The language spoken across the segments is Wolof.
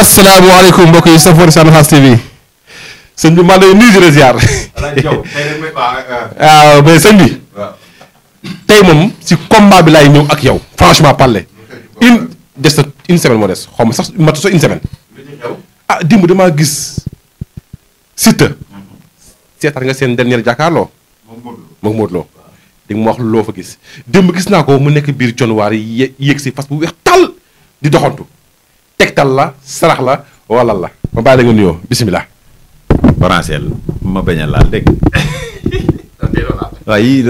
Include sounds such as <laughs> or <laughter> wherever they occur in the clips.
asalaamaaleykum mbokk yi sa for Sane Xass TV sëñ bi maa ngi lay nuyu waaw euh. ah, mais sëñ bi. tey moom ci combat bi laay ñëw ak yow franchement parler une des sa une semaine moo des xaw ma sax matu sa une semaine. ah dimb damaa gis. Siteu. Mm-hmm. seetaan nga seen dernier jàkkaarloo. moom Modou Lo gis démb gis naa ko mu nekk biir conwaar yi yéeg si fas bu weex tàll di doxantu. tegtal la sarax la walal la ma bàyyi la nga nuyoo bisimilah. Barancel ma bañ laal dégg <laughs> waaw yii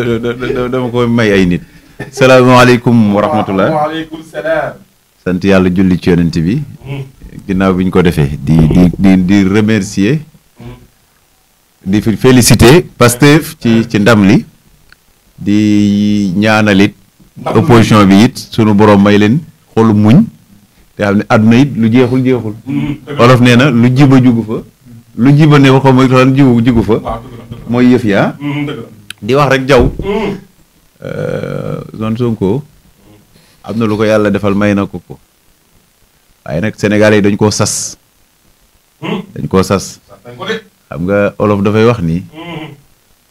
dama ko may ay nit. salaamaaleykum wa rahmatulah sant yàlla julli ci yonent bi. Hmm. ginnaaw bi ñu ko defee di di di di remercier. Hmm. féliciter Pastef ci hmm. ci ndam li. di ñaanalit opposition bi it sunu borom may leen xolu muñ. te xam ne àdduna it lu jeexul jeexul. olof nee na lu jiba jugu fa. lu jiba ne waxoon mooy taxan jiwu jugu fa. mooy yëf yaa mm, wax rek jaw zone mm. euh, Sonko am na lu ko yàlla defal may na ko ko waaye nag Sénégalais yi dañ koo sas. Mm. dañ koo sas. xam nga olof dafay wax ni.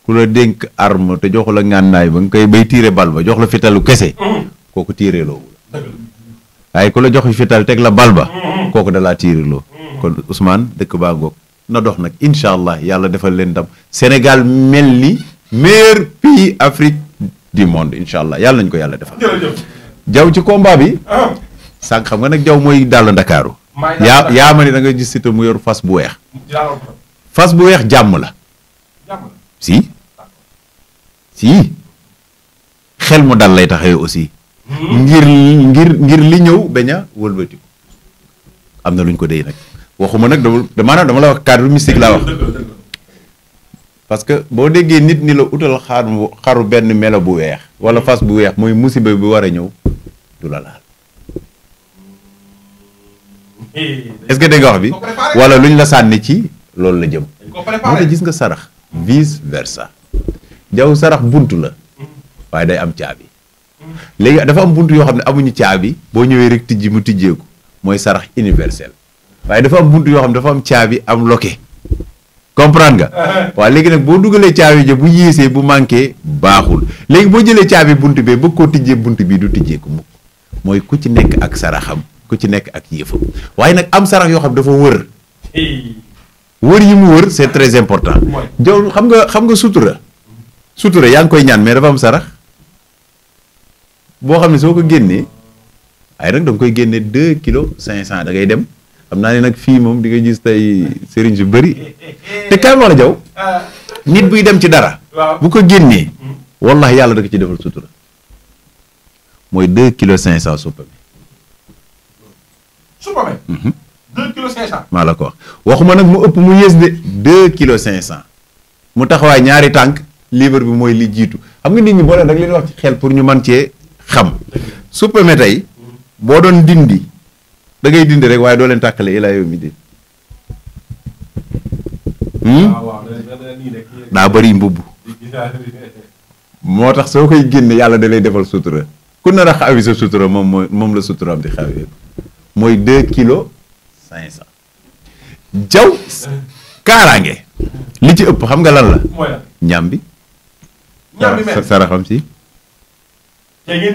ku la dénk arme te joxu la ngànnaay ba nga koy bay tiire bal ba jox la fitalu kese. kooku tiireeloo la waaye ku la jox fital teg la bal ba kooku da laa tiiriloo kon Ousmane dëkk baa ngoog na dox nag incha allah yàlla defal leen ndam Sénégal mel ni meilleur pays Afrique du monde incha allah yàlla nañ ko yàlla defal. jaw ci komba bi. Ah. sànq xam nga nag jaw mooy daal ndakaaru yaa yaa ma ne da nga gis Siteu mu yor fas bu weex. fas bu weex jàmm la. si si xel mu dal lay taxawee aussi. ngir ngir ngir li ñëw bañ a wëlbati ko am na lu ñu ko déy nag waxuma nag da dama la wax cadre mystique laa wax parce que boo déggee nit ni la utal xaru xaru benn melo bu weex wala fas bu weex mooy musiba bi war a ñëw du la laal est-ce que dégg nga wax bi wala lu la sànni ci loolu la jëm moo tax gis nga sarax vice versa jaww sarax bunt la waaye day am caabi léegi dafa am buntu yoo xam ne amuñu caabi boo ñëwee rek tijji mu tijjeeku mooy sarax universel waaye dafa am buntu yoo xam ne dafa am caabi am loke comprendre nga <laughs> waaw léegi nag boo dugalee caabi ja bu yéesee bu manqué baaxul léegi boo jëlee caabi bunt bee bëgg koo tijjee bunt bii du tijjeeku mukk mooy ku ci nekk ak saraxam ku ci nekk ak yëfam waaye nag am sarax yoo xam dafa wër wër yi mu wër c'est très important jow xam nga xam nga sutura sutura yaa ngi koy ñaan mais dafa am sarax boo xam ne soo ko génnee waaye nag da koy génne deux kilos cinq cent da ngay dem xam naa ne nag fii moom di nga gis tey sëriñ su bëri te kaay ma la jaw nit buy dem ci dara. bu ko génnee. Hmm. wallahi yàlla da ko ci defal sutura. mooy deux kilos cinq cent supame. supame. Mhm. deux maa la ko wax waxuma nag mu ëpp mu yées de deux kilos cinq cent mu taxawaay ñaari tànk livre bi mooy li jiitu xam nga nit ñi boo leen rek leen wax ci xel pour ñu man cee. xam suppame tey boo doon dindi dangay ngay dindi rek waaye doo leen tàkkale ilaa yow mi di daa bëri mbubb moo tax soo koy génne yàlla da lay defal sutura ku nar a xawi sa sutura moom mooy moom la suturaam di xawee mooy deux kilos cinq jaw kaaraange li ci ëpp xam nga lan la ñam bi saraxam si te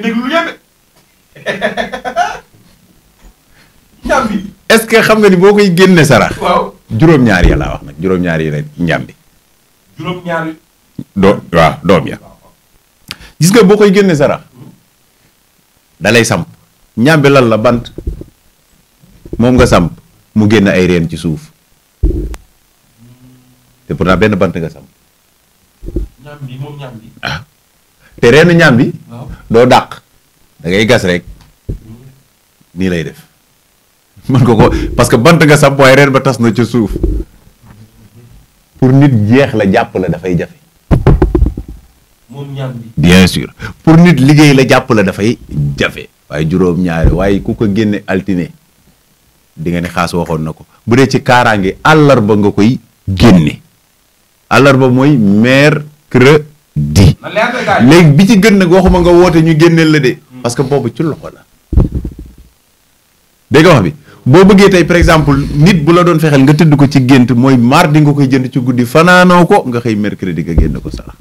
<laughs> est-ce que xam nga ni boo koy génne sarax. waaw juróom-ñaar yi laa wax nag juróom-ñaar yi rek njàmbi. doo waaw doom ya. gis nga boo koy génne sarax. dalay samp ñàmbi lan la bant moom nga samp mu génn ay reen ci suuf te pourtant benn bant nga samp. te reen ñaam bi. doo dàq dangay gas rek nii lay def mën ko ko parce que bant nga samp waaye reen ba tas na ca suuf pour nit jeex la jàpp la dafay jafe. moom ñaam bien sûr pour nit liggéey la dafay jafe. waaye juróom-ñaari waaye ku ko génne altine di nga ne xaas waxoon na ko bu dee ci kaaraange àllarba nga koy génne àllarba mooy mer creux. di léegi bi ci gën nag waxuma nga woote ñu génneel la de parce que boobu ci loxo la dégg wax bi boo bëggee tey par exemple nit bu la doon fexeel nga tëdd ko ci gént mooy mardi nga koy jënd ci guddi fanaanoo ko nga xëy mercredi nga génn ko sarax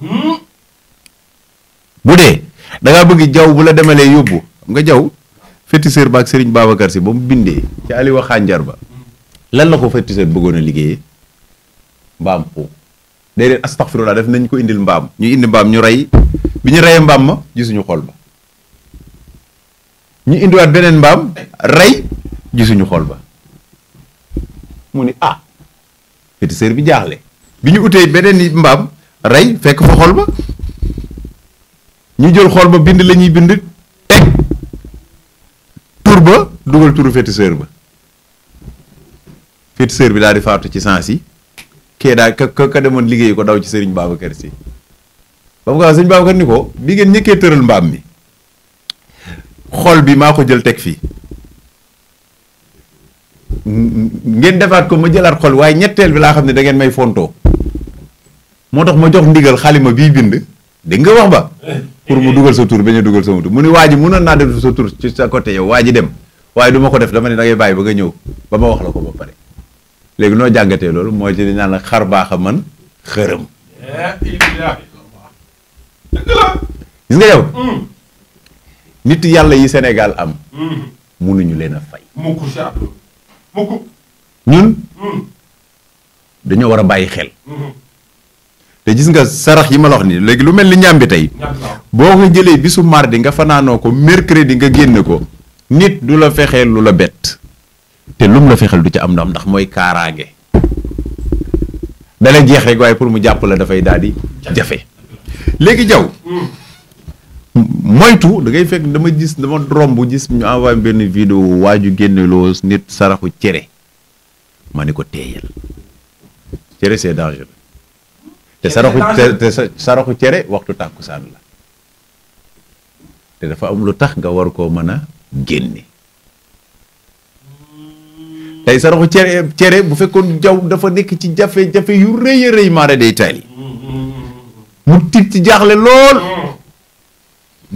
hmm? bu dee dangaa bëgg jaw bu la demalee yóbbu xam nga jaww féticheur ba ak sëriñ Babacar si ba mu bindee ci Aliou Xànjar ba hmm. lan la ko féticheur bëggoon a liggéeyee mbaam xuux day leen astaxfirullah def nañ ko indil mbaam ñu indi mbaam ñu rey bi ñu reyee mbaam ma gisuñu xool ba ñu indiwaat beneen mbaam rey gisuñu xool ba mu ni ah féticheur bi jaaxle bi ñu utee beneen mbaam rey fekk fa xol ba ñu jël xool ba bind la ñuy bind teg tur ba dugal turu féticheur ba féticheur bi daal di faatu ci sens yi kee daa ka ka demoon liggéey ko daw ci sëriñ Babacar si ba mu ko wax sëriñ ni ko bi ngeen ñëkkee tëral mbaam mi xol bi maa ko jël teg fii ngeen defaat ko ma jëlaat xol waaye ñetteel bi laa xam ne dangeen ngeen may fontoo moo tax ma jox ndigal xalima bii bind dégg nga wax ba pour mu dugal sa tur bañ a dugal sama tur mu ni waa ji mënoon naa def sa tur ci sa côté yow waa ji dem waaye du ko def dama ne da ngay bàyyi ba nga ñëw ba ma wax la ko ba pare léegi noo jàngatee loolu mooy ci li naan xar baax a man xërëm. gis nga yow. nit yàlla yi Sénégal am. munuñu leen a fay. mukk mukk ñun. dañoo war a bàyyi xel. te gis nga sarax yi ma la wax lu mel ni ñàmbi tey. boo ko jëlee bisu mar mardi nga fanaanoo ko mercredi nga génn ko. nit du la fexee lu la bett. te lum la fexel du ci am ndam ndax mooy kaaraange dana jeex rek waaye pour mu jàpp la dafay daal di jafe léegi jaw moytu da ngay fekk dama gis dama bu gis ñu envoyé benn vidéo waa ju génne loo nit saraxu cere ma ni ko teeyal cere c'est dangereux te saraxu te saraxu cere waxtu tàkkusaan la te dafa am lu tax nga war koo mën a génne tey saraxu cere cere bu fekkoon jaw dafa nekk ci jafe-jafe yu rëy a de maara day taali mu tiit ci jaaxle lool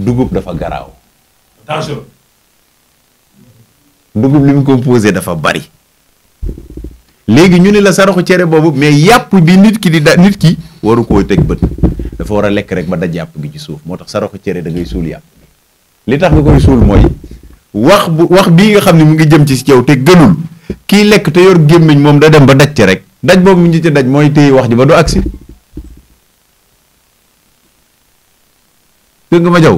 dugub dafa garaaw dugub li mu composé dafa bari léegi ñu ne la saraxu cere boobu mais yàpp bi nit ki di da nit ki waru koo teg bët dafa war a lekk rek ba daj yàpp bi ci suuf moo tax saraxu cere da ngay suul yàpp li tax nga koy suul mooy wax bu wax bii nga xam ne mu ngi jëm ci yow te gënul kii lekk te yor gémmiñ moom da dem ba daj ci rek daj boobu mu ngi ci daj mooy téye wax ji ba du agsi dégg nga ma jaw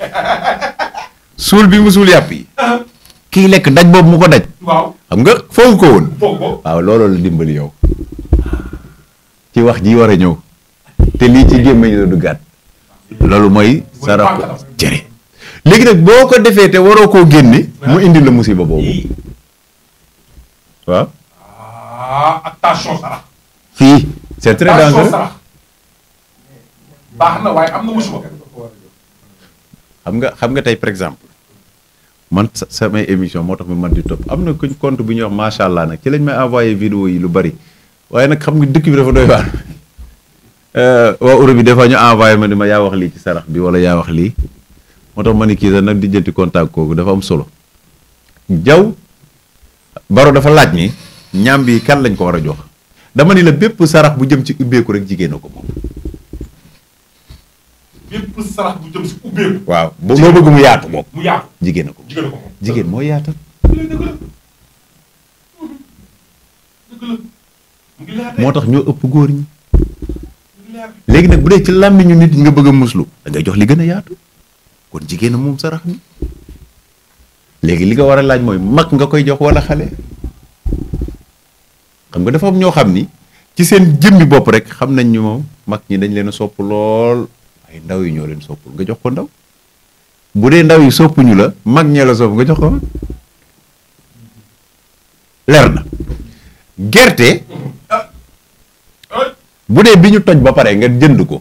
<laughs> suul bi mu suul yàpp yi kii lekk daj boobu mu ko daj xam nga foofu ko woon waaw looloo la dimbali yow ci wax ji war a ñëw te lii ci gémmiñ la duggaat loolu mooy saraxu cere léegi nag boo ko defee te waroo koo génne mu indi la musiba boobu waaw. ah attention sarax. fii c'est très dangereux sarax baax na waaye am na musiba xam nga xam nga tey par exemple man sa samay émission moo tax ma man di topp am na kuñ compte bu ñuy wax macha allah nag ci lañ may envoyé vidéo yi lu bari waaye nag xam nga dëkk bi dafa doy waar. <laughs> Euh, waa Europe bi des fois ñu envoyé ma ni ma yaa wax lii ci sarax bi wala yaa wax lii moo tax ma ni kii nag di jënti contact kooku dafa am solo jaw baro dafa laaj ni ñam bi kan lañ ko war a jox dama ni la bépp sarax bu jëm ci ubbeeku rek jigéen ko moom. ba bëgg mu yaatu moom. mu yaatu jigéen jigéen moo yaatal. moo tax ñoo ëpp góor ñi. léegi nag bu dee ci làmmiñu nit ñi nga bëgg a muslu da jox li gën a yaatu kon jigéen a moom sarax mi. léegi li nga war a laaj mooy mag nga koy jox wala xale xam nga dafa ñoo xam ni ci seen jëmmi bopp rek xam nañ ñu moom mag ñi dañ leen a sopp lool waaye ndaw yi ñoo leen soppul nga jox ko ndaw bu dee ndaw yi soppuñu la mag ñee la sopp nga jox ko mag leer na gerte bu dee bi ñu toj ba pare nga jënd ko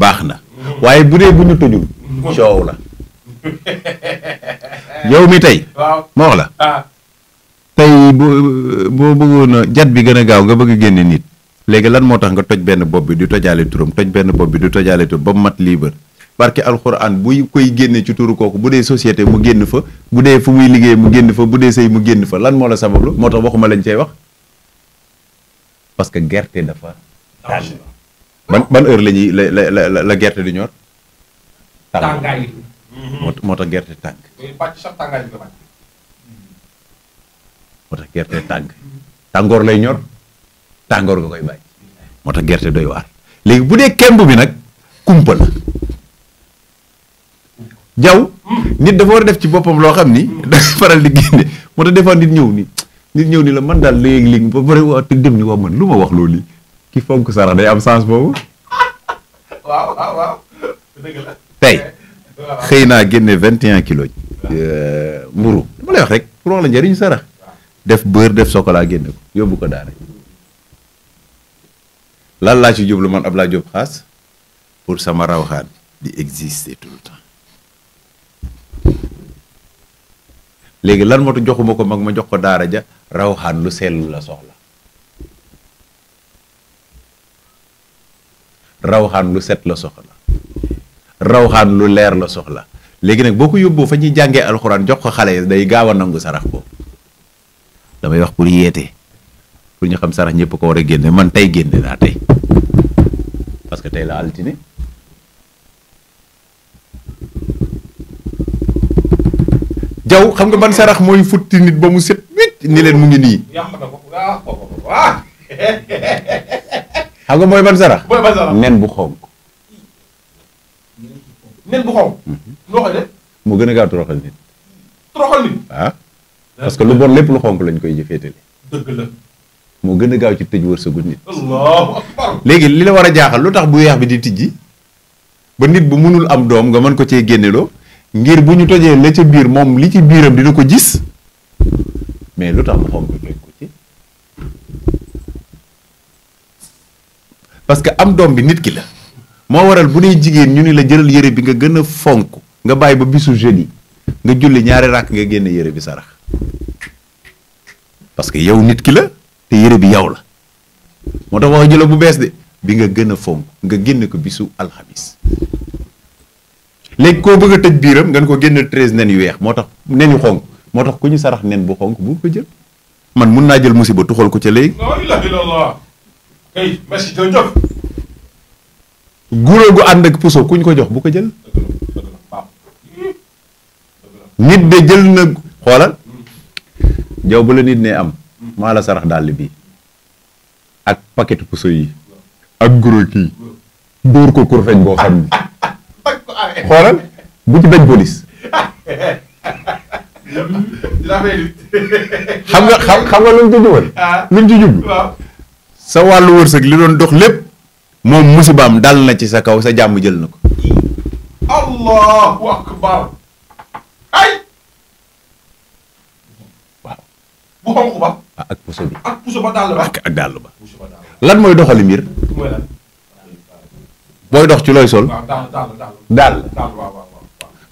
baax na waaye bu dee bu ñu tojul coow la <laughs> yow mi tey. ma wax la. Ah. tey bu boo bëggoon a jat bi gën a gaaw nga bëgg a génne nit. léegi lan moo tax nga toj benn bopp bi du tojaale turam toj benn bopp bi du tojaale turam ba mu mat lii liibar barke alxuraan buy koy génne ci turu kooku bu dee société mu génn fa bu dee fu muy liggéey mu génn fa bu dee sëy mu génn fa lan moo la sabablu moo tax waxuma lañ cey wax parce que gerte dafa tàng ah, ban ban heure la ñuy la la la gerte di ñor moo mhm. moo tax gerte tànk moo tax gerte tàng tàngoor lay ñor tàngoor nga koy bàyyi moo tax gerte doy waar léegi bu dee kemb bi nag kumpa la jaw hmm. nit dafa war a def ci boppam loo xam ni hmm. <laughs> da faral di génne moo tax des nit ñëw ni nit ñëw ni la man daal léegi-léegi ba pare waa te dem ni waa man lu ma wax loolu ki fonk sarax day am sens boobu <laughs> waaw xëy naa génne vingt et un kilos euh, mburu dama lay wax rek pour wax la njëriñu sarax def beurre def sokolaa génne ko yóbbu ko daara lan laa ci jublu man ab laa Diop Khass pour sama rawxaan di exister tout le temps léegi lan moo tax joxuma ko mag ma jox ko daara ja rawxaan lu sellu la soxla rawxaan lu set la soxla rawxaan lu leer la soxla léegi nag boo ko yóbboo fa ñu jàngee alxuraan jox ko xale yi day gaaw a nangu sarax boobu damay wax pour yeete pour ñu xam sarax ñëpp ko war a génne man tey génne naa tey parce que tey la altine jaw xam nga ban sarax mooy futti nit ba mu set wit ni leen mu ngi nii ah, <laughs> xam nga mooy ban sarax nen bu xonk nen bu xonq. moo mhm. gën a gaaw toroxal nit. toroxal nit. waaw ah. lu bon lépp lu xonq lañ koy jëfeetali. dëgg la. moo gën a gaaw ci tëj wërsëgu nit. allahu akbar. léegi li la war a jaaxal lu tax bu weex bi di tijji ba nit bu mënul am doom nga mën ko cee génneloo ngir bu ñu tojee la ca biir moom li ci biiram dina ko gis mais lu tax lu xonq toj ko ci. parce que am doom bi nit ki la. moo waral bu dee jigéen ñu ni la jëlal yére bi nga gën a fonk nga bàyyi ba bisu jeudi nga julli ñaari ràkk nga génn yére bi sarax parce que yow nit ki la te yére bi yow la moo tax wax jëla bu bees de bi nga gën a fonk nga génn ko bisu alxamis léegi koo bëgg a tëj biiram nga ko génn treize nen yu weex moo tax nen yu xonk moo tax ku ñu sarax nen bu xonk bu ko jël man mun naa jël musiba tuxal ko ca léegi. non il a guro gu ànd ak puso kuñ ko jox bu ko jël nit de jël na xoolal jaw bu la nit ne am maa la sarax dàll bii ak paquet puso yi ak guro kii dóor ko kur feñ boo xam ni xoolal bu ci daj police xam nga xam nga lu mu ci jubal ah. lu mu jublu sa wàllu wërsëg li doon dox lépp moom musibaam dal na ci sa kaw sa jàmm jël na ko allahu akbar ay bu xonq ba ah, ak puso bi ak puso ba dàll lan mooy doxali mbir booy dox ci looy sol dàll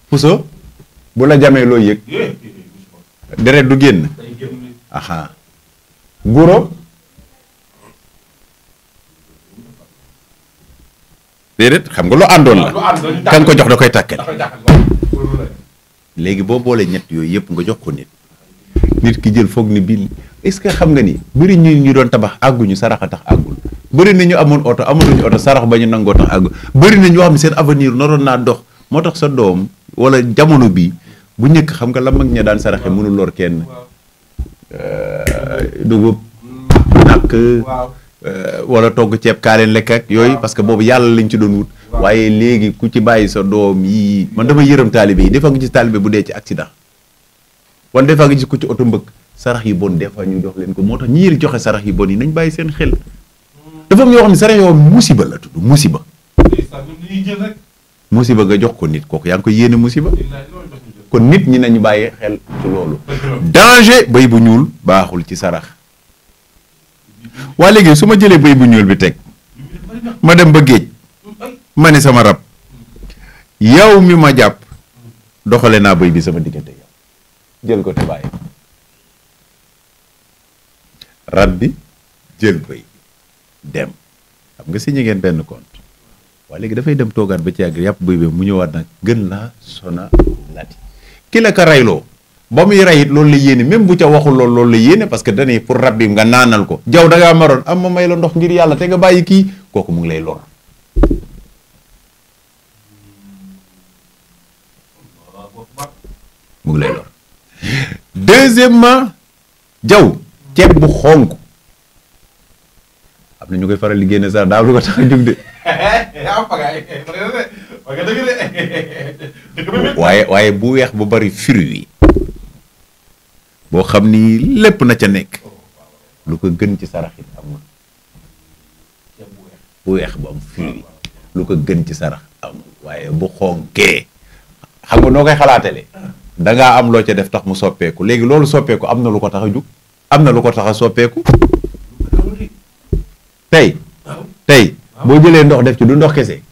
puso bu la jamee looy yëg eh, eh, eh, deret du génn guro déedéet xam nga loo àndoon la ka ko jox da koy tàkkale léegi boo boolee ñett yooyu yëpp nga jox ko nit nit ki jël foog ni bi est-ce que xam nga ni bëri ñu ñu doon tabax àgguñu saraxa tax àggul bëri na ñu amoon oto amoon oto sarax ba ñu nangoo tax àggul bëri na ñoo xam ne seen avenir noroon naa dox moo tax sa doom wala jamono bi bu njëkk xam nga la mag ña daan saraxe mënul lor kenn euh, dugub mm. nag Euh, wala togg ceeb kaa leen lekk ak yooyu parce que boobu yàlla lañ ci doon wut waaye léegi ku ci bàyyi sa doom yii man dama yërëm taalibe yi des fois taalibe bu dee ci accident wan des fois nga gis ku ci oto mbëkk sarax yi bon des fois ñu jox leen ko moo tax ñi yël joxe sarax yi bon yi nañ bàyyi seen xel dafa am xam ne sarax yoo musiba la tudd musiba musiba nga jox ko nit kooku yaa ngi koy yéene musiba kon nit ñi nañu bàyyi xel ci loolu danger bay bu ñuul baaxul ci sarax waa léegi su ma jëlee bëy bu ñuul bi teg ma dem ba géej ma ne sama rab yow mi ma jàpp doxale naa bëy bi sama diggante jël ko te bàyyi rab bi jël bëy dem xam nga si ñu ngeen benn compte waa léegi dafay dem toogaat ba ci yàgg yàpp bëy bi mu ñëwaat nag gën laa sona lati ki la ka ba muy rey it loolu la yéene même bu ca waxul lool loolu la yéene parce que dañuy pour rabbi nga naanal ko jaw da ngaa maroon am ma may la ndox ngir yàlla te nga bàyyi kii kooku mu ngi lay lor deuxièmement jaw ceeb bu xonk am na ñu koy faral di génne sax daa lu ko tax a jug de <laughs> waaye waaye bu weex bu bari fruit yi boo xam nii lépp na ca nekk oh, lu ko gën ci sarax it amul bu weex bu am firi lu ko gën ci sarax amul waaye bu xonkee xam nga noo koy xalaatale ah. da ngaa am loo ca def tax mu soppeeku léegi loolu soppeeku am na lu ko tax a jug am na lu ko tax a soppeeku tey tey boo jëlee ndox def ci du ndox kese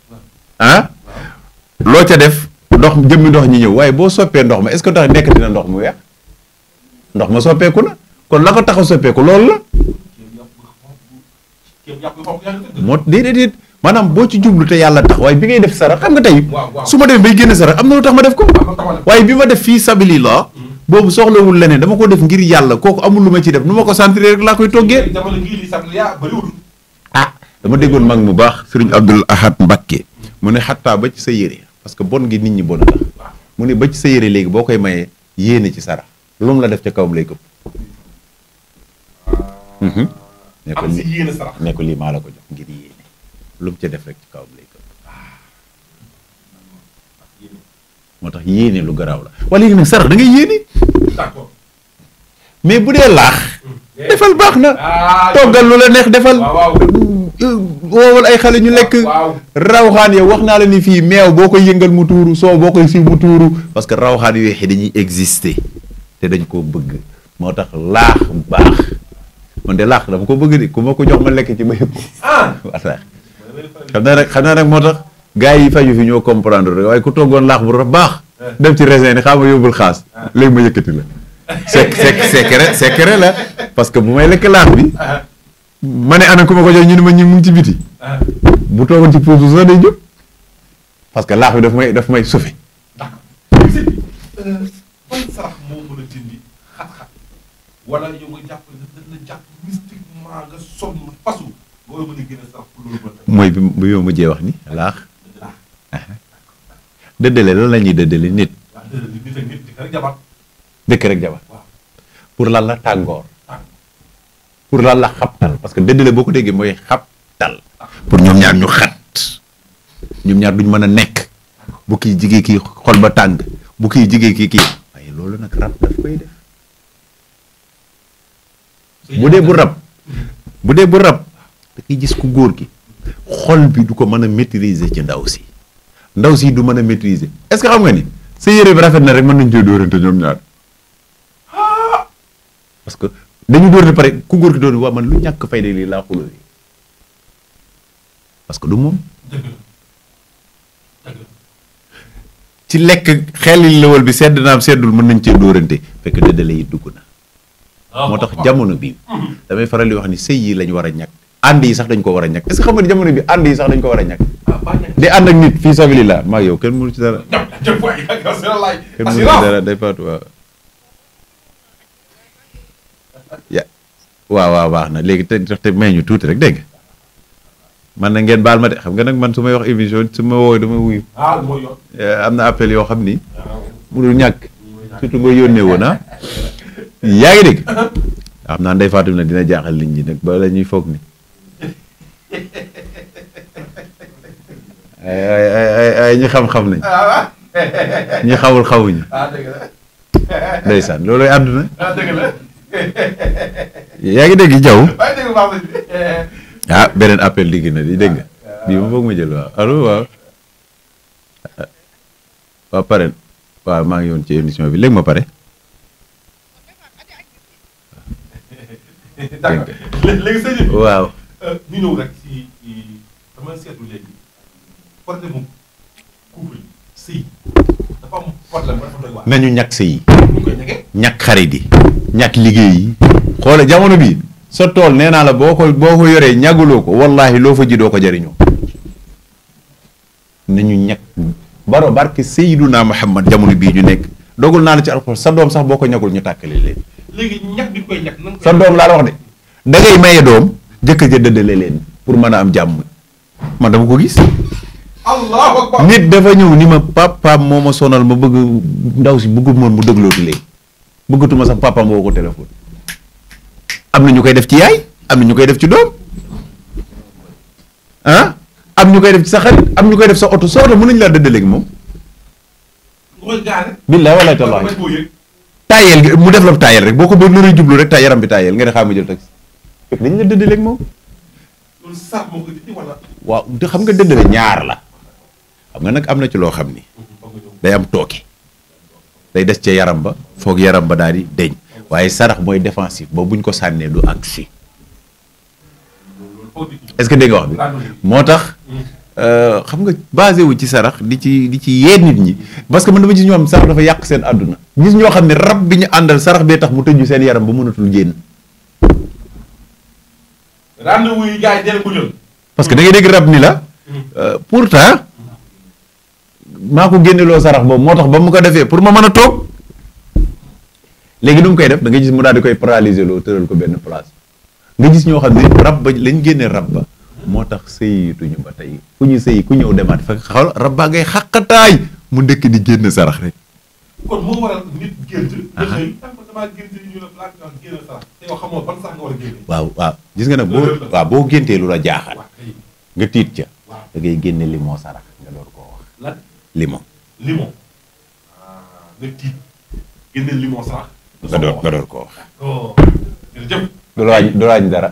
ah loo ca def ndox jëmmi ndox ñi ñëw waaye boo soppee ndox ma est-ce que tax nekk dina ndox mu weex ndox ma soppeeku na kon la ko taxaw a soppeeku loolu la. moo déedéet déet maanaam boo ci jublu te yàlla tax waaye bi ngay def sarax xam nga tey su ma defee bay génn sarax am na lu tax ma def ko waaye bi ma def fii sabilillah mm-hmm. boobu soxlawul leneen dama ko def ngir yàlla kooku amul lu ma ci def nu ma ko sentir rek laa koy toggee ah dama déggoon mag mu baax sëriñ Abdul Ahad Mbakke mm-hmm. mu ne xattaa ba ci sa yére parce que bon gi nit ñi bon tax mu ne ba ci sa yére léegi boo koy mayee yéene ci sarax lu mu la def ca kawam lay këpp. Mm-hmm. am si yéene sarax ne la ko jox ngir yéene mu def rek ci kawam lay këpp. moo tax yéene lu garaaw la wala yéene sarax da ngay yéene. mais bu dee laax. Mm. defal baax na. Ah, toggal lu la neex defal. Mm, woowal ay xale ñu lekk. rawxaan ya wax naa la ni fii meew boo koy yëngal mu tuuru soo boo koy siiw mu tuuru. parce que rawxaan yooyu dañuy exister. te dañ koo bëgg moo tax laax baax man de laax dama ko bëgg di ku ma ko jox ma lekk ci ma yëpp waaw ah! xam naa rek rek moo tax gars yi faju fi ñoo comprendre rek waaye ku toggoon laax bu baax eh. dem ci raisin ni xaama yóbbul xaas ah. léegi ma yëkkati la c'est c'est secret secret la parce que bu may lekk laax bi ah. ma ne ana ku ma ko jox ñu ne ma ñu mu ci biti bu toogoon ci puusu sax day jóg parce que laax bi daf may daf may sufe wala yow mooy bi bi ma mujjee wax ni ah, laax. dëddale la ñuy dëddale nit. waaw ah, dëddale nit ak nit dëkk rek jabar. pour lan la tàngoor. pour lan la xabtal parce que dëddale boo ko déggee mooy xabtal. pour ñoom ñaar ñu xat. ñoom ñaar duñ mën a nekk. bu kii jigéen kii xol ba tàng bu kii jigéen kii kii waaye loolu nag rab daf koy def. bu dee bu rab bu dee bu rab da koy gis ku góor gi xol bi du ko mën a maîtriser ci ndaw si ndaw si du mën a maîtriser est-ce que xam nga ni sa yére bi rafet na rek mën nañ cee dóorante ñoom ñaar parce que dañu dóorante pare ku góor gi doon waa man lu ñàkk fayda lii laa parce que du moom ci lekk xel lawal bi sedd naam seddul mën nañ cee dóorante fekk dëddale yi dugg na Ah. moo tax jamono bi damay faral di wax ni sëy yi lañ war a ñàkk ànd yi sax dañ ko war a ñàkk est xam nga jamono bi ànd sax dañ ko war a ñàkk ah, di ànd ak nit fii sabilillah maa yow kenn mënu ci dara <laughs> kenn mënu waaw ya waaw waaw na léegi te te may ñu tuuti rek dégg nga man na ngeen baal ma de xam nga nag man su may wax émission su ma woo dama wuyu ah, eh, am na appel yoo xam ni mënul ñàkk surtout nga yónnee woon ah yaa ngi dégg. xam naa Ndeye Fatou nag dina jaaxal nit ñi nag ba la ñuy foog ni ay ay ay ay ñi xam-xam nañ ah, ñi xawul xawuñu. Ah, ndeysaan looloy àdduna. Ah, yaa ngi dégg jaw ah beneen appel digg na di dégg nga. bii ma foog ma jël waaw allo waaw. waaw pare waaw maa ngi yoon ci émission bi léegi ma pare. <laughs> d'accord léegi sëñ bi euh, nañu ñàkk sëy yi ñàkk xarit yi ñàkk liggéey yi xoole jamono bi sa tool nee naa la boo ko boo ko yoree ñàgguloo ko wallaahi loo fa ji ko jariñoo nañu ñàkk baro barke Seydunaa Muhammad jamono bii ñu nekk dogul naa la ci alxuraan sa doom sax boo ko ñàggul ñu tàkkale leen léegi ñàkk bi koy ñàkk sa doom laa la wax de da ngay maye doom jëkkër ja dëddale leen pour mën a am jàmm man dama ko gis. allahu nit dafa ñëw ni ma papaam moo ma sonal ma bëgg ndaw si bëggu moon mu dëglootu léegi bëggatuma sax papaam woo ko téléphone. am na ñu koy def ci yaay am na ñu koy def ci doom ah am ñu koy def ci sa xarit am ñu koy def sa oto sa oto mën nañu laa dëddaleeg moom. billaa walaay tallaahi taayel mu def la taayel rek boo ko bëgg lu jublu rek taay yaram bi taayel nga ne xaaral ma jël taxi dañ la dëndale ak moom. waaw xam nga dëndale ñaar la xam nga nag am na ci loo xam ni day am tooke day des ca yaram ba foog yaram ba daal di deñ waaye sarax mooy défensif boobu buñ ko sànnee du agsi est-ce que dégg nga wax bi moo tax. Hmm. Euh, xam nga basé wu ci sarax di ci di ci yee nit ñi parce que man dama gis ñoo xam sarax dafa yàq seen àdduna gis ñoo xam ne rab bi ñu àndal sarax bee tax mu tëju seen yaram ba mënatul génn. rendez parce que da ngay rab ni la. Euh, pourtant maa ko génneloo sarax boobu moo tax ba mu ko defee pour ma mën a toog léegi nu koy def da ngay gis mu daal di koy paralyser loo tëral ko benn place nga gis ñoo xam ne rab ba lañ génne rab ba. moo tax sëyituñu ba tey fu ñu sëyi ku ñëw demaat fekk xawal rab baa ngay xàqataay mu ndëkk di génn sarax rek. waaw waaw gis nga nag boo waaw boo géntee lu la jaaxal. nga tiit ca. da ngay ah, génne limon sarax nga door nga door koo wax. du la wàññi du la wàññi dara.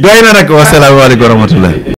doy na nag wasalaamaaleykum wa rahmatulah.